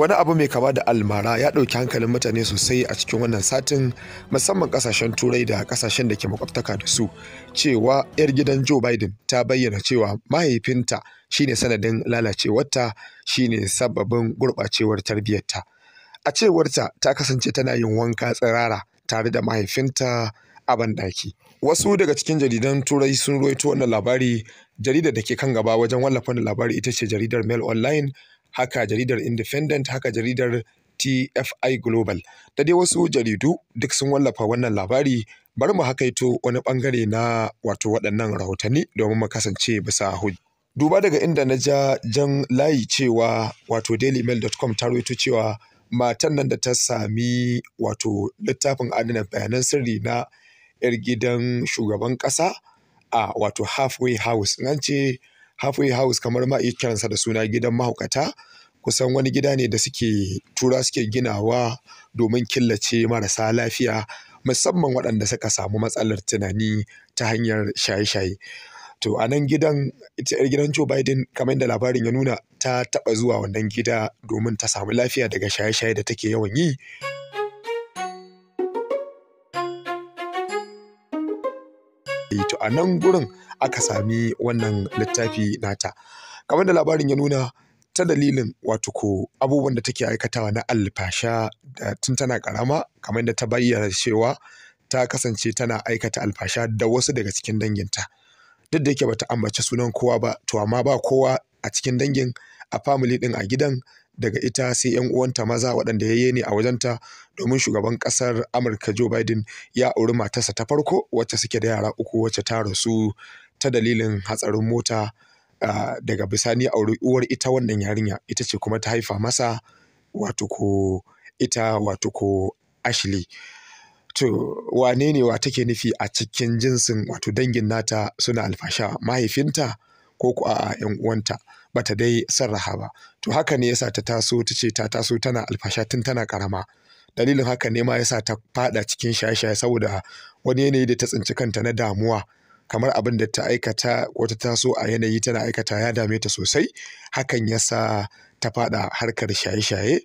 wani abu mai kama da almara ya ɗauki hankalin mutane sosai a cikin wannan satin musamman ƙasashen turai da kasashen da ke makwabtaka da su cewa 'yar gidan joe biden ta bayyana cewa mahaifinta shine sanadin lalacewarta shine sababin gurɓacewar tarbiyyarta a cewarta ta kasance tana yin wanka tsirara tare da mahaifinta a banɗaki wasu daga cikin jaridan turai sun ruwaito wannan labari jaridar da ke kan gaba wajen wallafa wannan labari ita ce jaridar mail online haka jaridar independent haka jaridar tfi global da dai wasu jaridu duk sun wallafa wannan labari bari mu hakaito wani bangare na wato waɗannan rahotanni domin mu kasance bisa hujja duba daga inda na ja jan layi cewa wato dailymail.com ta rawaito cewa matan nan da ta sami wato littafin adana bayanan sirri na 'yar gidan shugaban ƙasa a wato halfway house nan ce halfway house kamar ma iya kiransa da suna gidan mahaukata kusan wani gida ne da suke tura suke ginawa domin killace marasa lafiya musamman waɗanda suka samu matsalar tunani ta hanyar shaye-shaye to a nan gidan ita yar gidan Joe Biden kamar yadda labarin ya nuna ta taɓa zuwa wannan gida domin ta samu lafiya daga shaye-shaye da take yawan yi Eh, to a nan gurin aka sami wannan littafi nata kamar da labarin ya nuna ta dalilin wato ko abubuwan da take aikatawa na alfasha tun tana karama kamar da ta bayyana cewa ta kasance tana aikata alfasha da wasu daga cikin danginta duk da yake ta ambaci sunan kowa ba to amma ba kowa a cikin dangin a family din a gidan daga ita sai 'yan uwanta maza waɗanda yayye ne a wajenta domin shugaban ƙasar amurka joe biden ya auri matarsa ta farko wacce suke da yara uku wacce ta rasu ta dalilin hatsarin mota daga bisani auri uwar ita wannan yarinya ita ce kuma ta haifa masa wato ko ita wato ko ashley to wane ne wa take nufi a cikin jinsin wato dangin nata suna alfasha mahaifinta ko ku a 'yan uwanta bata dai sarraha ba to haka ne yasa ta taso ta ce ta taso tana alfasha tun tana karama dalilin haka ne ma yasa ta fada cikin shaye-shaye saboda wani yanayi da ta tsinci kanta na damuwa kamar abin da ta aikata ko ta taso a yanayi tana aikata ya dame ta sosai hakan yasa ta fada harkar shaye-shaye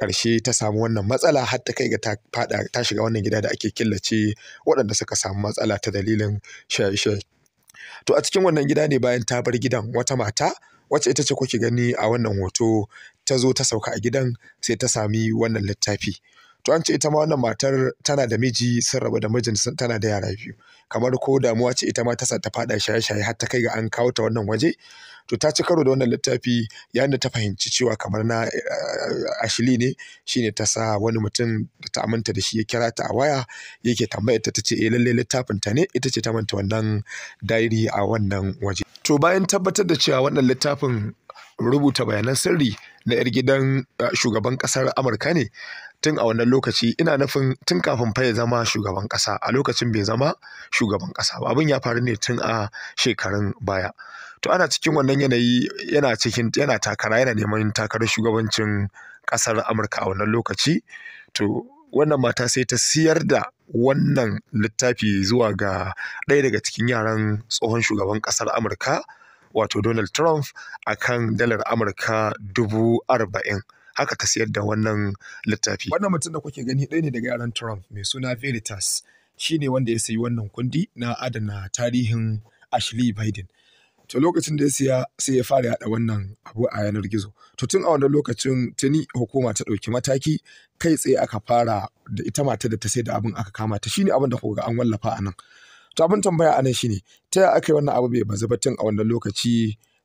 ƙarshe ta samu wannan matsala har ta kai ga ta fada ta shiga wannan gida da ake killace waɗanda suka samu matsala ta dalilin shaye-shaye to a cikin wannan gida ne bayan ta bar gidan wata mata wacce ita ce kuke gani a wannan hoto ta zo ta sauka a gidan sai ta sami wannan littafi to an ce ita ma wannan matar tana da miji sun rabu da mijin tana da yara biyu kamar ko damuwa ce ita ma ta sa ta faɗa shaye-shaye har ta kai ga an kawo ta wannan waje to ta ci karo da wannan littafi yayin da ta fahimci cewa kamar na eh, ashili ne shine ta sa wani mutum da ta aminta da shi ya kira ta a waya yake tambayar ta tace eh lalle littafin ta ne ita ce ta manta wannan diary a wannan waje to bayan tabbatar da cewa wannan littafin rubuta bayanan sirri na 'yar gidan eh, shugaban kasar amurka ne tun a wannan lokaci ina nufin tun kafin fa ya zama shugaban kasa, a lokacin bai zama shugaban kasa ba abin ya faru ne tun a shekarun baya to ana cikin wannan yanayi yana cikin yana takara yana neman takarar shugabancin ƙasar Amurka a wannan lokaci to wannan mata sai ta siyar da wannan littafi zuwa ga ɗaya daga cikin yaran tsohon shugaban ƙasar Amurka wato Donald Trump akan dalar Amurka dubu arba'in. haka ka siyar da wannan littafi wannan mutum da kuke gani ɗaya ne daga yaran Trump mai suna Veritas shi ne wanda ya sayi wannan kundi na adana tarihin Ashley Biden to lokacin da ya siya sai ya fara yaɗa wannan abu a yanar gizo to tun a wannan lokacin tuni hukuma ta ɗauki mataki kai tsaye aka fara da ita mata da ta sai da abin aka kama ta Shi ne abin da kuka an wallafa a nan to abin tambaya a nan ne, ta yaya aka yi wannan abu bai bazu ba tun a wannan lokaci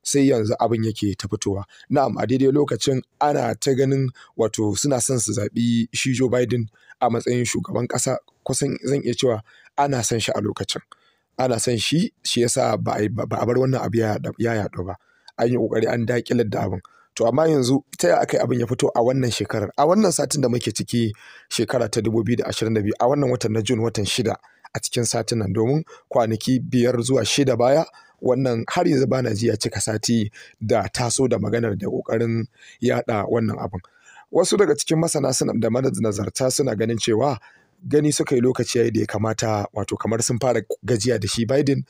sai yanzu abin yake ta fitowa na'am a daidai lokacin ana ta ganin wato suna son su zaɓi shi Joe Biden a matsayin shugaban ƙasa kusan zan iya cewa ana son shi a lokacin ana son shi shi yasa ba a bar wannan abu ya yaɗu ba an yi ƙoƙari an daƙilar da abin to amma yanzu ta ya aka abin ya fito a wannan shekarar a wannan satin da muke ciki shekara ta 2022 a wannan watan na June watan shida a cikin satin nan domin kwanaki biyar zuwa shida baya wannan har yanzu bana ji ya cika sati da taso da maganar da kokarin yada wannan abin wasu daga cikin masana suna da manazarta suna ganin cewa gani suka yi lokaci yayi da ya kamata wato kamar sun fara gajiya da shi Biden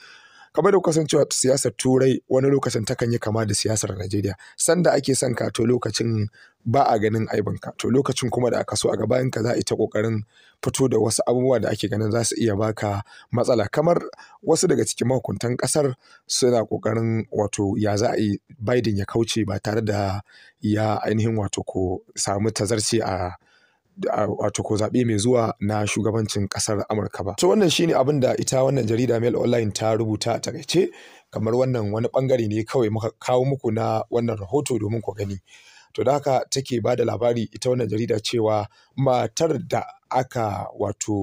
kamar da cewa siyasar turai wani lokacin takan yi kama da siyasar Najeriya sanda ake son ka to lokacin ba a ganin aibinka to lokacin kuma da aka so a ga ka za a ita kokarin fito da wasu abubuwa da ake ganin za su iya baka matsala kamar wasu daga cikin mahukuntan kasar suna kokarin wato ya za a yi Biden ya kauce ba tare da ya ainihin wato ko samu tazarci a wato ko zaɓe mai zuwa na shugabancin ƙasar Amurka ba. To wannan shine abin da ita wannan jarida Mail Online ta rubuta a takaice kamar wannan wani ɓangare ne kawai muka kawo muku na wannan rahoto domin ku gani. to da haka take ba da labari ita wannan jarida cewa matar da aka wato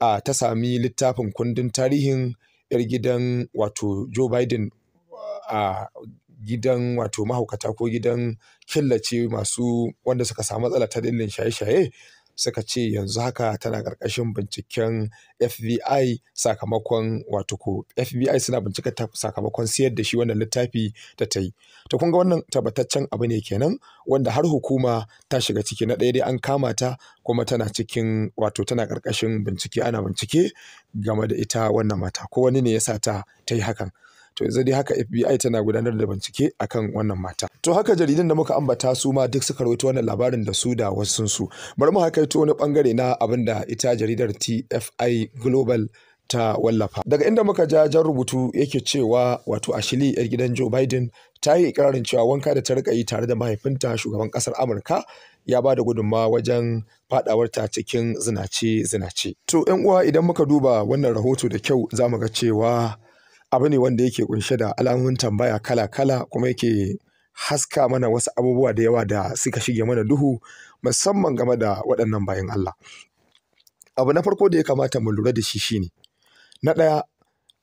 a ta sami littafin kundin tarihin 'yar gidan wato joe biden a gidan wato mahaukata ko gidan killace masu wanda suka samu matsala ta dillin shaye-shaye suka ce yanzu haka tana ƙarƙashin binciken FBI sakamakon wato ko FBI suna bincika sakamakon siyar da shi wannan littafi da ta yi. Ta kun ga wannan tabbataccen abu ne kenan wanda har hukuma ta shiga ciki na ɗaya dai an kama ta kuma tana cikin wato tana ƙarƙashin bincike ana bincike game da ita wannan mata ko wani ne ya sa ta ta yi hakan. to yanzu dai haka FBI tana gudanar da bincike akan wannan mata to haka jaridan da muka ambata su ma duk suka rawaito wannan labarin da su da wasu su bari mu to wani bangare na abin da ita jaridar TFI Global ta wallafa daga inda muka ja jan rubutu yake cewa wato ashili yar gidan Joe Biden ta yi ikirarin cewa wanka da ta rika yi tare da mahaifinta shugaban kasar Amurka ya ba da gudunmawa wajen fadawarta cikin zinace zinace to yan uwa idan muka duba wannan rahoto da kyau zamu ga cewa abu ne wanda yake kunshe da alamun tambaya kala-kala kuma yake haska mana wasu abubuwa da yawa da suka shige mana duhu musamman game da waɗannan bayan Allah. Abu na farko da ya kamata mu lura da shi shine na ɗaya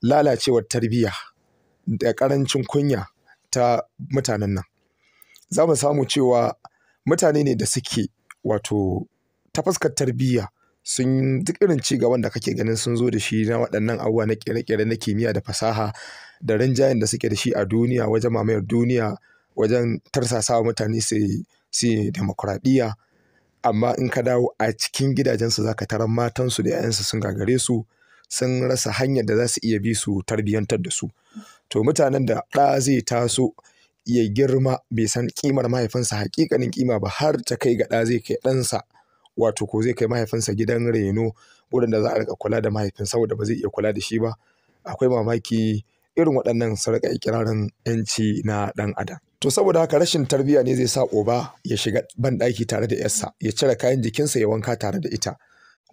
lalacewar tarbiyya da ƙarancin kunya ta mutanen nan. Za mu samu cewa mutane ne da suke wato ta fuskar tarbiyya sun duk irin ci gaban da kake ganin sun zo da shi na waɗannan abubuwa na kere-kere na kimiyya da fasaha da rinjayen da suke da shi a duniya wajen mamayar duniya wajen wa mutane su yi demokuraɗiyya amma in ka dawo a cikin gidajensu za ka tarar matansu da 'ya'yansu sun gagare su sun rasa hanyar da za su iya bi su tarbiyyantar da su to mutanen da ɗa zai taso ya girma bai san kimar mahaifinsa hakikanin kima ba har ta kai ga ɗa zai kai ɗansa wato ko zai kai mahaifinsa gidan reno wurin da za a rika kula da mahaifin saboda ba zai iya kula da shi ba akwai mamaki irin waɗannan su riƙa ikirarin 'yanci na ɗan adam to saboda haka rashin tarbiyya ne zai sa oba ya shiga banɗaki tare da yarsa ya cire kayan jikinsa ya wanka tare da ita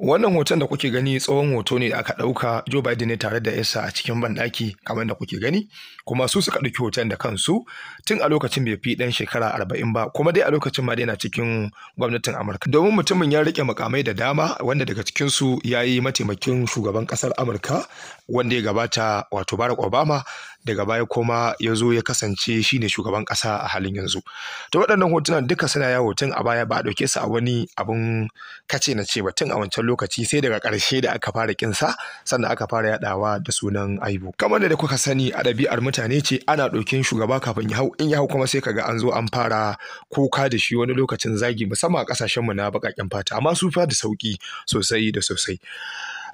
Wannan hoton da kuke gani tsohon hoto ne da aka ɗauka Joe Biden ne tare da yasa a cikin banɗaki kamar da kuke gani, kuma su suka ɗauki hoton da kansu tun a lokacin bai fi ɗan shekara arba'in ba, kuma dai a lokacin ma dai na cikin gwamnatin Amurka. Domin mutumin ya riƙe mukamai da dama wanda daga cikinsu ya yi mataimakin shugaban ƙasar Amurka wanda ya gabata wato Barack Obama daga baya kuma ya zo ya kasance shi ne shugaban ƙasa a halin yanzu to waɗannan hotunan duka suna yawo tun a baya ba a ɗauke su a wani abun kace na ce ba tun a wancan lokaci sai daga ƙarshe da aka fara kinsa sannan aka fara yaɗawa da sunan aibu kamar da kuka sani a ɗabi'ar mutane ce ana ɗaukin shugaba kafin ya hau in ya hau kuma sai kaga an zo an fara kuka da shi wani lokacin zagi musamman a ƙasashenmu na baƙaƙen fata amma su fa da sauƙi sosai da sosai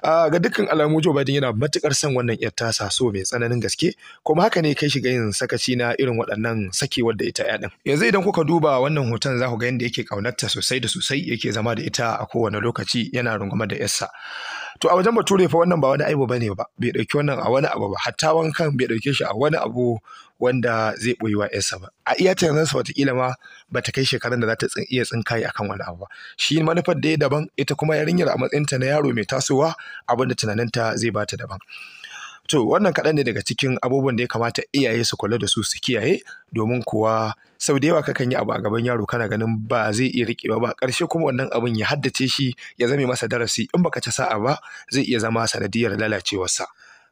ga dukkan alamu Joe Biden yana matukar son wannan yar tasa so mai tsananin gaske kuma haka ne kai shiga yin sakaci na irin waɗannan sakewar da ita ya din yanzu idan kuka duba wannan hoton za ku ga yadda yake kaunarta sosai da sosai yake zama da ita a kowane lokaci yana rungume da yarsa to a wajen bature fa wannan ba wani aibu bane ba bai dauki wannan a wani abu ba hatta wankan bai dauke shi a wani abu wanda zai boyi wa yarsa ba a iya tunanin sa watakila ma ba ta kai shekarun da za ta iya tsinkaye akan wani abu ba shi manufar da ya daban ita kuma yarinyar a matsayinta na yaro mai tasowa abin da tunaninta zai bata daban To wannan kaɗan ne daga cikin abubuwan da ya kamata iyaye su kula da su su kiyaye domin kuwa sau da yawa kakan yi abu a gaban yaro kana ganin ba zai iya riƙe ba ƙarshe kuma wannan abin ya haddace shi ya zame masa darasi in baka ci sa'a ba zai iya zama sanadiyar lalacewarsa.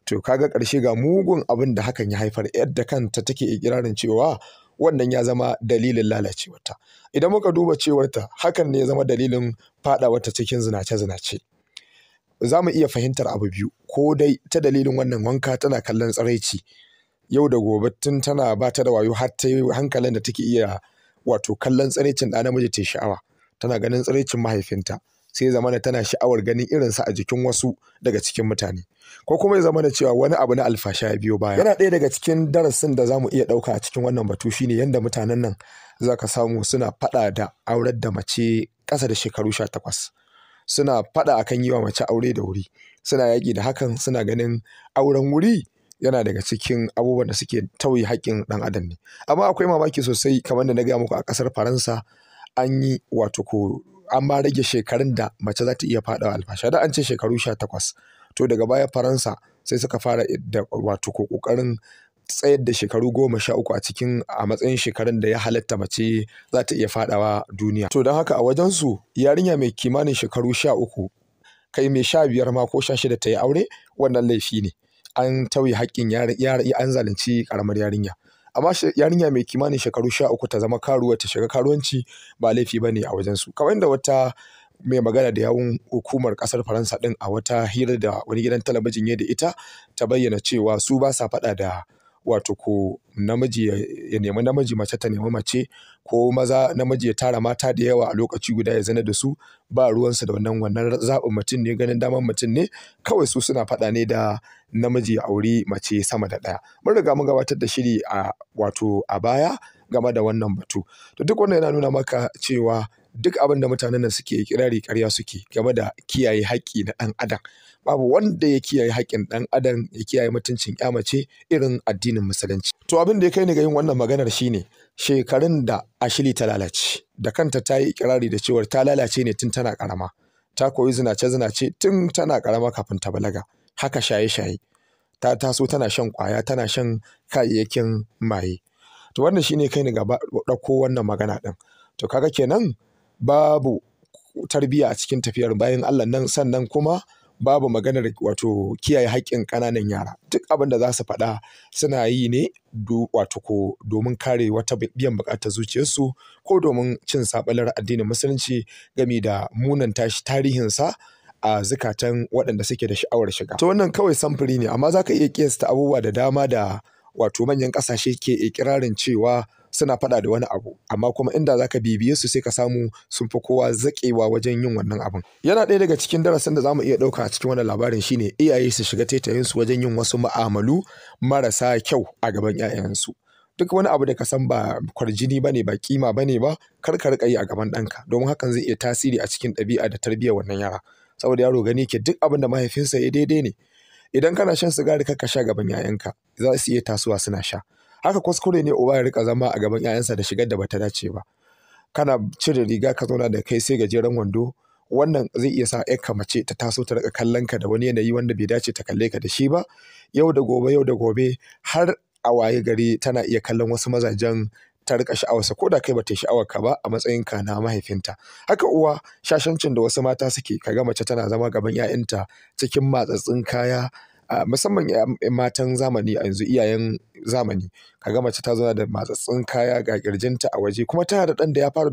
To ka ga ƙarshe ga mugun abin da hakan ya haifar yadda kanta take ikirarin cewa wannan ya zama dalilin lalacewarta. Idan muka duba cewarta hakan ne ya zama dalilin faɗawarta cikin zinace-zinace. za mu iya fahimtar abu biyu ko dai ta dalilin wannan wanka tana kallon tsaraici yau da gobe tun tana ba ta da wayo har ta hankalin da take iya wato kallon tsaraicin ɗa namiji ta sha'awa tana ganin tsaraicin mahaifinta sai zama zamana tana sha'awar ganin irin irinsa a jikin wasu daga cikin mutane ko kuma ya zama da cewa wani abu na alfasha ya biyo baya yana ɗaya daga cikin darasin da za mu iya ɗauka a cikin wannan batu shine yadda mutanen nan za ka samu suna faɗa da aurar da mace ƙasa da shekaru sha takwas suna faɗa akan yi wa mace aure da wuri suna yaki da hakan suna ganin auren wuri yana daga cikin abubuwan da suke tauye haƙƙin ɗan adam ne amma akwai mamaki sosai kamar da na gaya muku a kasar faransa an yi wato ko an ba rage shekarun da mace za ta iya faɗawa alfasha da an ce shekaru sha takwas to daga baya faransa sai suka fara da wato ko ƙoƙarin tsayar da shekaru goma sha uku a cikin a matsayin shekarun da ya halatta mace za ta iya fadawa duniya to don haka a wajen su, yarinya mai kimanin shekaru sha uku kai mai sha biyar ma ko sha shida ta yi aure wannan laifi ne an tauye haƙƙin an zalunci ƙaramar yarinya amma yarinya mai kimanin shekaru sha uku ta zama karuwa ta shiga karuwanci ba laifi ba ne a wajen su. Kawai da wata mai magana da yawun hukumar ƙasar faransa ɗin a wata hira da wani gidan talabijin ya da ita ta bayyana cewa su ba sa faɗa da wato ko namiji ya nemi namiji mace ta nemi mace ko maza namiji ya tara mata da yawa a lokaci guda ya zana da su ba ruwansa da wannan wannan zaɓin mutum ne ganin daman mutum ne kawai su suna faɗa ne da namiji ya aure mace sama da ɗaya mun riga mun gabatar da shiri a wato a baya game da wannan batu to duk wannan yana nuna maka cewa duk abin da mutanen nan suke kirari karya suke game da kiyaye haƙƙi na ɗan adam babu wanda ya kiyaye haƙƙin ɗan adam ya kiyaye mutuncin ya mace irin addinin musulunci to abin da ya kai ni ga yin wannan maganar shine shekarun da ashili ta lalace da kanta ta yi kirari da cewar ta lalace ne tun tana karama ta koyi zinace zinace tun tana karama kafin ta balaga haka shaye shaye ta taso tana shan kwaya tana shan kayayyakin maye to wannan shine kai ni gaba ɗauko wannan magana ɗin to kaga kenan babu tarbiyya a cikin tafiyar bayan Allah nan sannan kuma babu maganar wato kiyaye haƙƙin ƙananan yara duk abin da za su faɗa suna yi ne wato ko domin kare wata biyan buƙatar zuciyarsu ko domin cin saɓalar addinin musulunci game da munan tashi tarihinsa a zukatan waɗanda suke da sha'awar shiga to wannan kawai samfuri ne amma za ka iya kiyasta abubuwa da dama da wato manyan ƙasashe ke ikirarin cewa suna faɗa da wani abu amma kuma inda zaka bibiye su sai ka samu sun fi kowa zakewa wajen yin wannan abun yana ɗaya daga cikin darasin da zamu iya ɗauka a cikin wannan labarin shine iyaye su shiga taitayin su wajen yin wasu ma'amalu marasa kyau a gaban 'ya'yansu duk wani abu da ka san ba kwarjini bane ba kima bane ba kar ka riƙa yi a gaban ɗanka domin hakan zai iya tasiri a cikin ɗabi'a da tarbiyyar wannan yara saboda yaro gani ke duk abin da mahaifinsa ya daidai ne idan kana shan sigari kar ka sha gaban yayanka za su iya tasowa suna sha haka kuskure ne uba ya rika zama a gaban 'ya'yansa da shigar da bata dace ba kana cire riga ka zauna da kai sai gajeren wando wannan zai iya sa ka mace ta taso ta rika kallon ka da wani yanayi wanda bai dace ta kalle ka da shi ba yau da gobe yau da gobe har a waye gari tana iya kallon wasu mazajen ta rika sha'awarsa ko da kai bata sha'awar ka ba a matsayin na mahaifinta haka uwa shashancin da wasu mata suke kaga mace tana zama gaban 'ya'yanta cikin matsatsin kaya musamman matan zamani a yanzu iyayen zamani kaga mace ta zauna da matsatsun kaya ga ƙirjinta a waje kuma tana da ɗan da ya fara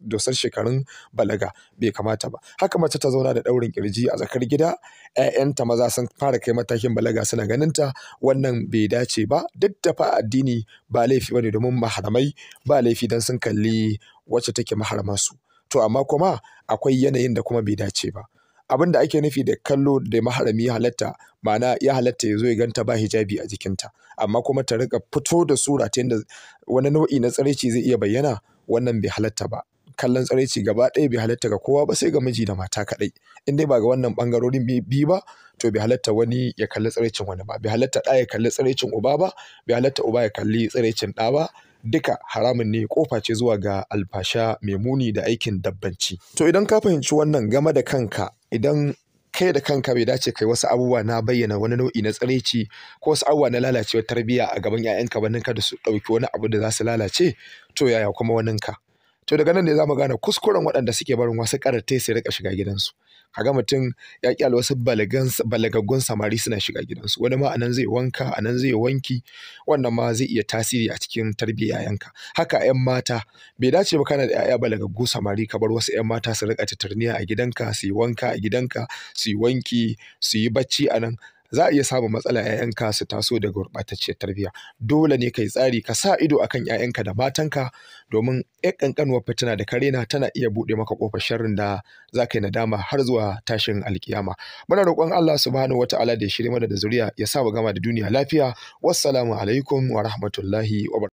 dosar shekarun balaga bai kamata ba haka mace ta zauna da ɗaurin kirji a zakar gida 'ya'yanta maza sun fara kai matakin balaga suna ganinta wannan bai dace ba duk da fa addini ba laifi bane domin maharamai ba laifi dan sun kalli wacce take su to amma kuma akwai yanayin da kuma bai dace ba abin da ake nufi da kallo da maharami ya halatta ma'ana ya halatta ya zo ya ganta ba hijabi a jikinta amma kuma ta rika fito da sura ta yadda wani nau'i na tsiraici zai iya bayyana wannan bai halatta ba kallon tsaraici gaba ɗaya bai halatta ga kowa ba sai ga miji da mata kaɗai in dai ba ga wannan ɓangarorin biyu ba to bai halatta wani ya kalli tsaraicin wani ba bai halatta ɗa ya kalli tsaraicin uba ba bai halatta uba ya kalli tsaraicin ɗa ba duka haramun ne kofa ce zuwa ga alfasha mai muni da aikin dabbanci to idan ka fahimci wannan game da kanka idan kai da kanka bai dace kai wasu abubuwa na bayyana wani nau'i na tsareci ko wasu abubuwa na lalacewa tarbiyya a gaban 'ya'yanka ba ninka da su ɗauki wani abu da za su lalace to yaya kuma ka? to daga nan ne za mu gane kuskuren waɗanda suke barin wasu karatai su rika shiga gidansu kaga mutum ya kyale wasu balagaggun samari suna shiga gidansu wani ma anan zai wanka anan zai wanki wannan ma zai iya tasiri a cikin tarbiyya yayanka haka 'yan mata bai dace ba kana da ƴaƴa balagaggu samari ka bar wasu 'yan mata su rika tatarniya a gidanka su yi wanka a gidanka su yi wanki su yi bacci anan za a iya samun matsala 'ya'yanka su taso da gurɓatacciyar tarbiyya dole ne kai tsari ka sa ido akan 'ya'yanka da matanka domin 'yan ƙanƙanuwar fitina da karena tana iya buɗe maka ƙofar sharrin da za ka yi nadama har zuwa tashin alkiyama muna roƙon Allah subhanahu wataala da ya shirya mana da zuriya ya sa mu gama da duniya lafiya wassalamu alaikum wa rahmatullahi wa